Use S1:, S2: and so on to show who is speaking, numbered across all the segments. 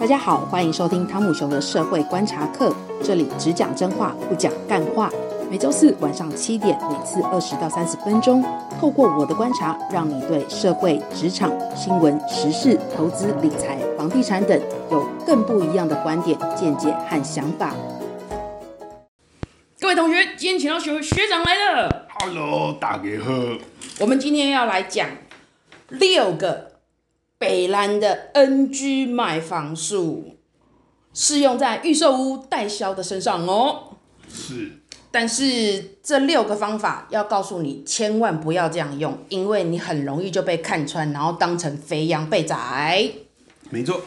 S1: 大家好，歡迎收聽湯姆熊的社會觀察課，這裡只講真話，不講幹話。每周四晚上七點，每次二十到三十分鐘，透過我的觀察，讓你對社會、職場、新聞、時事、投資、理財、房地產等有更不一樣的觀點、見解和想法。各位同學，今天請到學學長來了。Hello，大家好。我們今天要來講六個。北蘭的 NG 買房術，適用在預售屋代銷的身上哦。是，但是這六個方法要告訴你，千萬不要這樣用，因為你很容易就被看穿，然後當成肥羊被宰。
S2: 沒錯。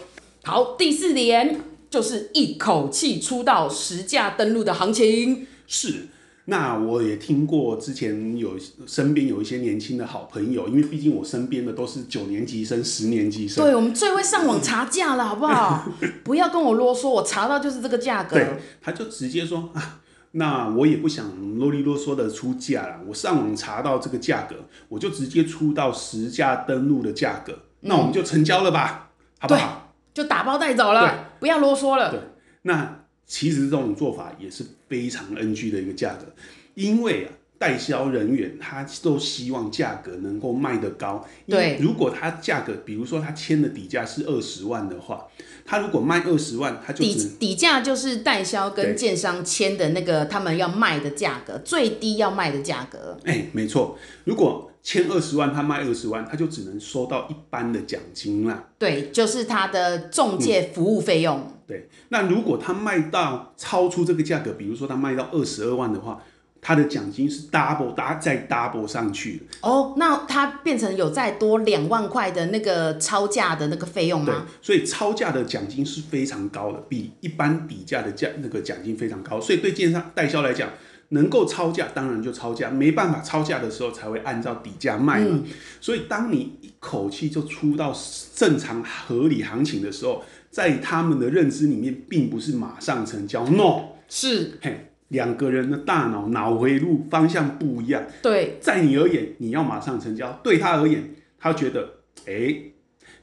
S1: 好，第四點就是一口氣出到實價登錄的行情。是。
S2: 那我也聽過，之前有身邊有一些年輕的好朋友，因為畢竟我身邊的都是九年級生、十年級生。對，我們
S1: 最會上網查價了，好不好？ 不要跟我囉嗦，我查到就是這個價格。對，
S2: 他就直接說啊，那我也不想囉裡囉嗦的出價了，我上網查到這個價格，我就直接出到實價登錄的價格，那我們就成交了吧，嗯、好不好？
S1: 對，就打包帶走了，對不要囉嗦了。對，
S2: 那。其實這種做法也是非常 NG 的一個價格，因為啊，代銷人員他都希望價格能夠賣得高。對，如果他價格，比如說他簽的底價是二十萬的話，他如果賣二十萬，他就只底、
S1: 底價就是代銷跟建商簽的那個他們要賣的價格，對最低要賣的價格。
S2: 哎，沒錯，如果簽二十萬，他賣二十萬，他就只能收到一般的獎金啦。
S1: 對，就是他的仲介服務費用。嗯
S2: 對，那如果他賣到超出這個價格，比如說他賣到二十二萬的話，他的獎金是 double，搭再 double 上去
S1: 哦，oh, 那他變成有再多兩萬塊的那個超價的那個費用嗎？對，
S2: 所以超價的獎金是非常高的，比一般底價的價那個獎金非常高。所以對建商代銷來講，能夠超價當然就超價，沒辦法超價的時候才會按照底價賣嘛，嗯、所以當你一口氣就出到正常合理行情的時候。在他們的認知裡面，並不是馬上成交 no。No，是，hey, 兩個人的大腦腦回路方向不一樣。對，在你而言，你要馬上成交。對他而言，他覺得，哎、欸，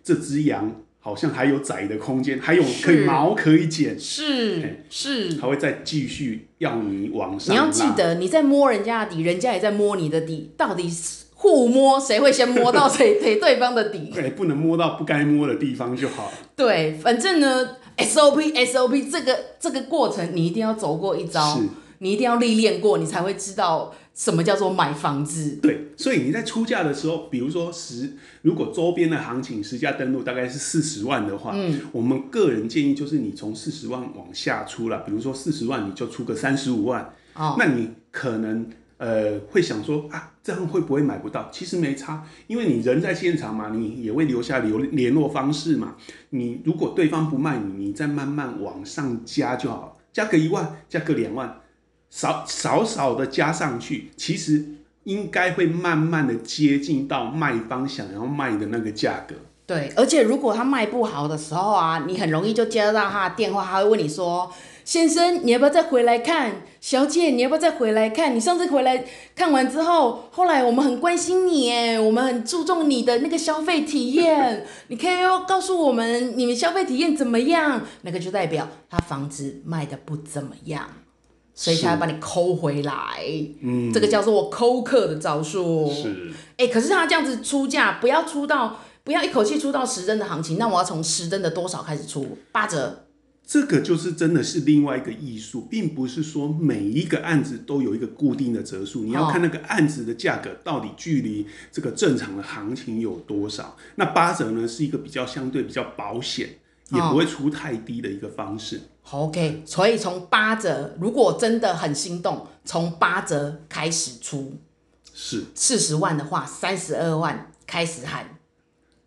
S2: 這只羊好像還有宰的空間，還有可以毛可以剪，是是，hey, 是他會再繼續要你往上。你要記得，
S1: 你在摸人家的底，人家也在摸你的底，到底是。互摸，誰會先摸到誰？對對方的底，
S2: 對、 欸，不能摸到不該摸的地方就好。
S1: 對，反正呢，SOP SOP 這個這個過程，你一定要走過一遭，是你一定要歷練過，你才會知道什麼叫做買房子。
S2: 對，所以你在出價的時候，比如說十，如果周邊的行情，實價登錄大概是四十萬的話，嗯，我們個人建議就是你從四十萬往下出了，比如說四十萬你就出個三十五萬，哦，那你可能。呃，會想說啊，這樣會不會買不到？其實沒差，因為你人在現場嘛，你也會留下留聯絡方式嘛。你如果對方不賣你，你再慢慢往上加就好了，加個一萬，加個兩萬，少少少的加上去，其實應該會慢慢的接近到賣方想要賣的那個價格。
S1: 對，而且如果他賣不好的時候啊，你很容易就接到他的電話，他會問你說。先生，你要不要再回來看？小姐，你要不要再回來看？你上次回來看完之後，後來我們很關心你哎，我們很注重你的那個消費體驗， 你可以要要告訴我們你們消費體驗怎麼樣？那個就代表他房子賣得不怎麼樣，所以他要把你 call 回來。嗯是，這個叫做我 call 客的招數。是。哎、欸，可是他這樣子出價，不要出到，不要一口氣出到十成的行情，嗯、那我要從十成的多少開始出？
S2: 八折。這個就是真的是另外一個藝術，並不是說每一個案子都有一個固定的折數，你要看那個案子的價格到底距離這個正常的行情有多少。那八折呢，是一個比較相對比較保險，也不會出太低的一個方式。
S1: 好，OK，所以從八折，如果真的很心動，從八折開始出，是四十萬的話，三十二萬開始喊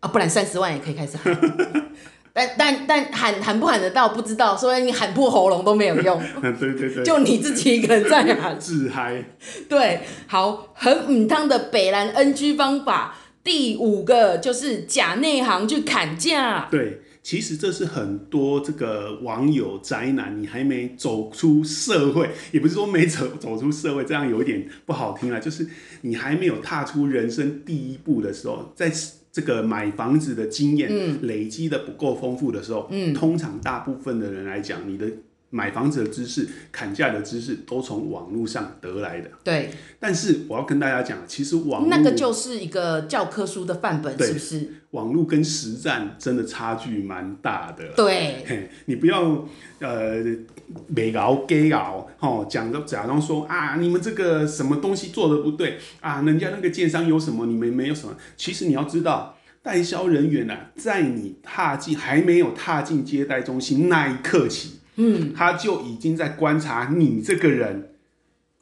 S1: 啊，不然三十萬也可以開始喊。 但但但喊喊不喊得到不知道，所以你喊破喉嚨都沒有用。 對對對，就你自己一個人在喊，自 止嗨。對，好，很穩當的買房 NG 方法第五個就是假內行去砍價。
S2: 對，其實這是很多這個網友宅男，你還沒走出社會，也不是說沒走走出社會，這樣有一點不好聽啊，就是你還沒有踏出人生第一步的時候，在。這個買房子的經驗累積的不夠豐富的時候，嗯、通常大部分的人來講，你的。買房子的知識、砍價的知識，都從網絡上得來的。對，但是我要跟大家講，其實網路，那個就
S1: 是一個教科書的範本，對是不是？
S2: 網絡跟實戰真的差距蠻大的。對，你不要呃，gay 熬給熬哦，講的假裝說啊，你們這個什麼東西做的不對啊，人家那個建商有什麼，你們沒有什麼。其實你要知道，代銷人員呢，啊，在你踏進還沒有踏進接待中心那一刻起。嗯，他就已經在觀察你這個人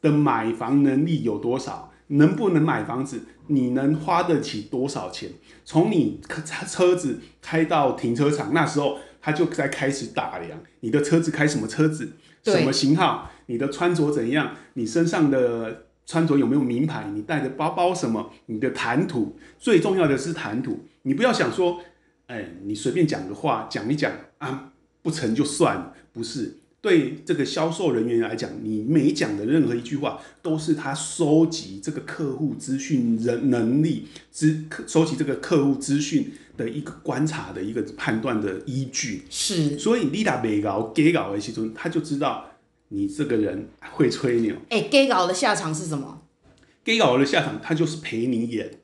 S2: 的買房能力有多少，能不能買房子，你能花得起多少錢？從你車子開到停車場那時候，他就在開始打量你的車子開什麼車子，對什麼型號，你的穿着怎樣，你身上的穿着有沒有名牌，你帶的包包什麼，你的談吐，最重要的是談吐。你不要想說，哎，你隨便講個話，講一講啊。不成就算了，不是對這個銷售人員來講，你每講的任何一句話，都是他收集這個客戶資訊人能力只收集這個客戶資訊的一個觀察的一個判斷的依據。是。所以你 i d a 每個的其中，他就知道你這個人會吹牛。
S1: 誒，g e 的下場是什麼
S2: g e 的下場，他就是陪你演，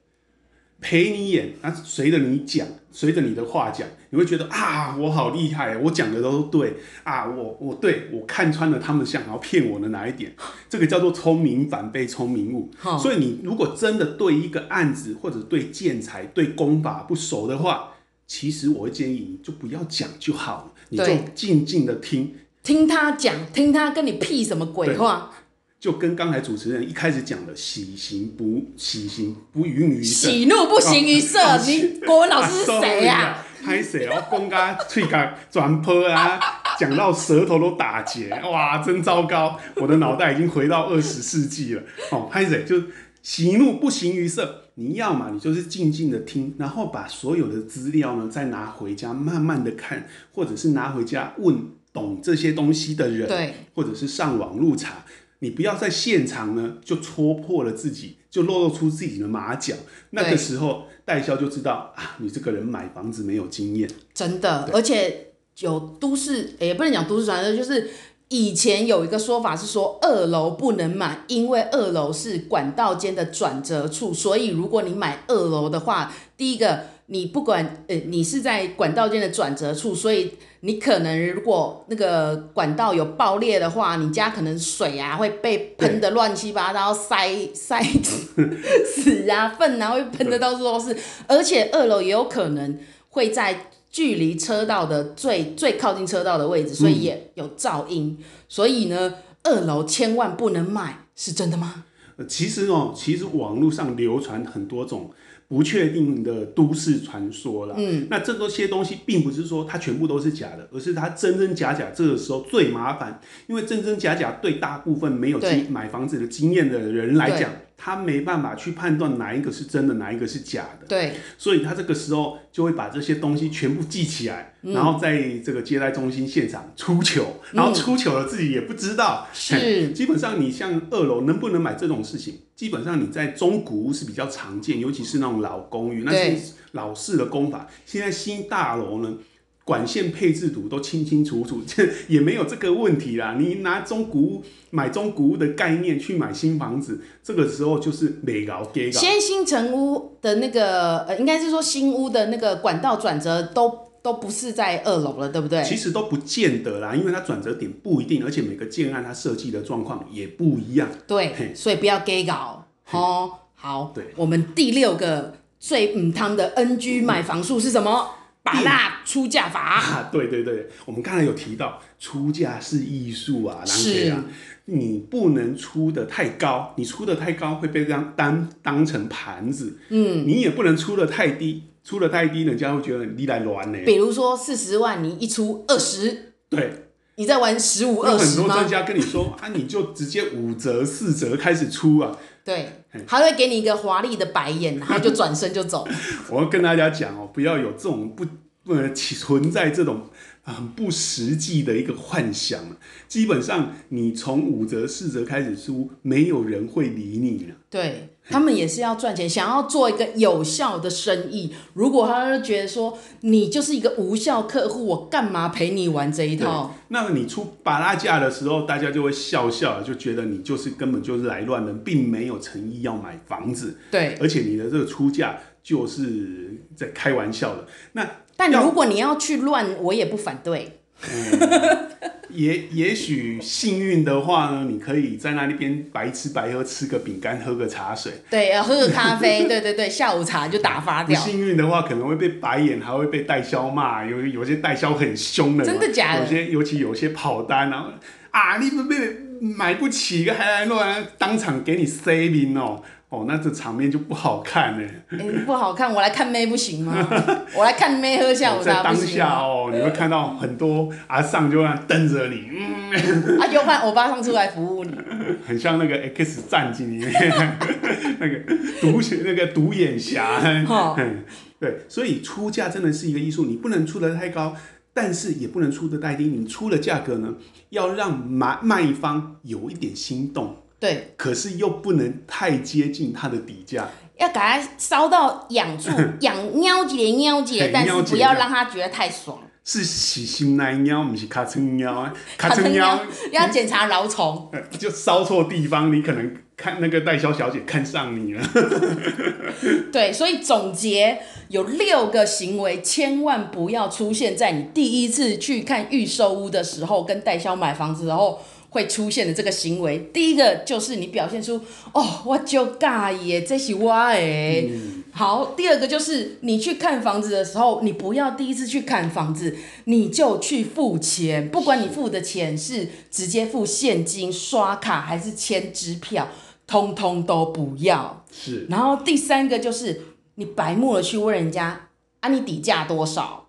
S2: 陪你演，那隨着你講。隨着你的話講，你會覺得啊，我好厲害，我講的都對啊，我我對我看穿了他們想要騙我的哪一點，這個叫做聰明反被聰明誤。Oh. 所以你如果真的對一個案子或者對建材、對工法不熟的話，其實我會建議你就不要講就好了，對你就靜靜的聽，聽他講，聽他跟你屁什麼鬼話。就跟剛才主持人一開始講的，喜形不喜形不形於色，喜怒不形於色。哦哦哦、你國文老師是誰呀？啊？嗨誰我剛剛脆剛轉坡，啊講、啊、到舌頭都打結，哇，真糟糕！我的腦袋已經回到二十世紀了。哦，嗨誰就喜怒不形於色。你要嘛，你就是靜靜的聽，然後把所有的資料呢，再拿回家慢慢的看，或者是拿回家問懂這些東西的人，對或者是上網路查。你不要在現場呢，就戳破了自己，就露露出自己的馬腳。對那個時候，代銷就知道啊，你這個人買房子沒有經驗。
S1: 真的，對而且有都市也、欸、不能講都市傳說，就是以前有一個說法是說二樓不能買，因為二樓是管道間的轉折處，所以如果你買二樓的話，第一個。你不管呃，你是在管道間的轉折處，所以你可能如果那個管道有爆裂的話，你家可能水啊會被噴得亂七八糟，塞塞屎啊糞啊會噴得到處都是，而且二樓也有可能會在距離車道的最最靠近車道的位置，所以也有噪音，嗯、所以呢，二樓千萬不能買。是真的嗎？
S2: 其實哦、喔，其實網絡上流傳很多種不確定的都市傳說啦。嗯，那這些東西並不是說它全部都是假的，而是它真真假假。這個時候最麻煩，因為真真假假對大部分沒有去買房子的經驗的人來講。對他沒辦法去判斷哪一個是真的，哪一個是假的。對，所以他這個時候就會把這些東西全部記起來，嗯、然後在這個接待中心現場出糗，嗯、然後出糗了自己也不知道。是基本上你像二樓能不能買這種事情，基本上你在中古屋是比較常見，尤其是那種老公寓，對那些老式的工法。現在新大樓呢？管線配置圖都清清楚楚，這也沒有這個問題啦。你拿中古屋買中古屋的概念去買新房子，這個時候就是沒搞 gay 搞。先
S1: 新成屋的那個呃，應該是說新屋的那個管道轉折都都不是在二樓了，對不對？其
S2: 實都不見得啦，因為它轉折點不一定，而且每個建案它設計的狀況也不一樣。
S1: 對，嘿所以不要 gay 搞。哦、嘿好，對，我們第六個最母湯的 NG 買房術是什麼？嗯那電出價法啊，
S2: 對對對，我們剛才有提到，出價是藝術啊，是啊，是你不能出的太高，你出的太高會被這張單當成盤子，嗯，你也不能出的太低，出的太低人家會覺得你來亂呢。比
S1: 如說四十萬，你一出二十，對，你再玩十五二十。很多專家
S2: 跟你說，嗯，啊，你就直接五折四折開始出啊。
S1: 對，還會給你一個華麗的白眼，然後就轉身就走。
S2: 我要跟大家講哦，不要有這種不呃存在這種很不實際的一個幻想。基本上，你從五折、四折開始出，沒有人會理你了。
S1: 對。他們也是要賺錢，想要做一個有效的生意。如果他就覺得說你就是一個無效客戶，我幹嘛陪你玩這一套？
S2: 那麼你出八拉價的時候，大家就會笑笑，就覺得你就是根本就是來亂的，並沒有誠意要買房子。對，而且你的這個出價就是在開玩笑的。
S1: 那但如果你要去亂，我也不反對。
S2: 也也許幸運的話呢，你可以在那邊白吃白喝，吃個餅乾，喝個茶水。
S1: 對、啊，喝個咖啡， 對，對對對，下午茶就打發掉。不幸
S2: 運的話，可能會被白眼，還會被代銷罵。有有些代銷很凶的，真的假的？有些尤其有些跑單、啊，然後啊，你不買買不起，還來亂，當場給你塞名哦。哦，那這場面就不好看嘞，欸欸！不
S1: 好看，我來看妹不行嗎？ 我來看妹喝下午茶不行，哦，當下
S2: 哦， 你會看到很多阿桑就這樣瞪着你。嗯，啊，
S1: 又換歐巴桑出來服務你。
S2: 很像那個《X 戰警》裡面 那個獨那個獨眼俠。 對，所以出價真的是一個藝術，你不能出得太高，但是也不能出得太低。你出了價格呢，要讓買賣方有一點心動。對，可是又不能太接近它的底價，
S1: 要給它燒到癢處，癢，尿幾尿幾，但是不要讓它覺得太爽。嗯、
S2: 是洗心尿尿，不是卡稱尿啊！卡稱尿，
S1: 尿要檢查蟯蟲，嗯
S2: 嗯，就燒錯地方，你可能看那個代銷小，小姐看上你了。
S1: 對，所以總結有六個行為，千萬不要出現在你第一次去看預售屋的時候，跟代銷買房子，然後。會出現的這個行為，第一個就是你表現出哦，我就甲意耶，這是我的。嗯、好，第二個就是你去看房子的時候，你不要第一次去看房子你就去付錢，不管你付的錢是,是直接付現金、刷卡還是签支票，通通都不要。是。然後第三個就是你白目了去問人家啊，你底價多少？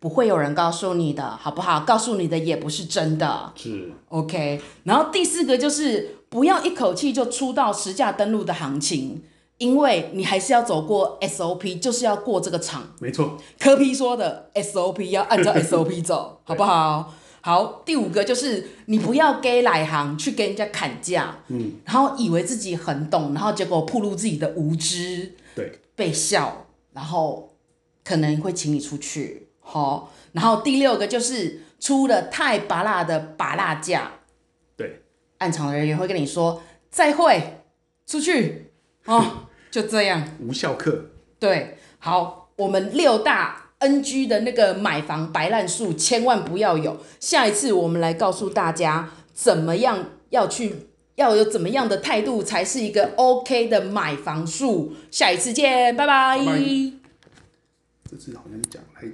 S1: 不會有人告訴你的，好不好？告訴你的也不是真的是。OK，然後第四個就是不要一口氣就出到實價登錄的行情，因為你還是要走過 SOP，就是要過這個場。沒錯，柯 P 說的 SOP 要按照 SOP 走， 好不好？對好，第五個就是你不要給來行去跟人家砍價，嗯，然後以為自己很懂，然後結果暴露自己的無知，對，被笑，然後可能會請你出去。好，然後第六個就是出了太芭樂的芭樂價，對，案場的人員會跟你說再會，出去啊，哦、 就這樣無效客。對，好，我們六大 NG 的那個買房白爛術，千萬不要有，下一次我們來告訴大家怎麼樣要去要有怎麼樣的態度，才是一個 OK 的買房術。下一次見，拜拜。拜拜
S2: 這次好像講了。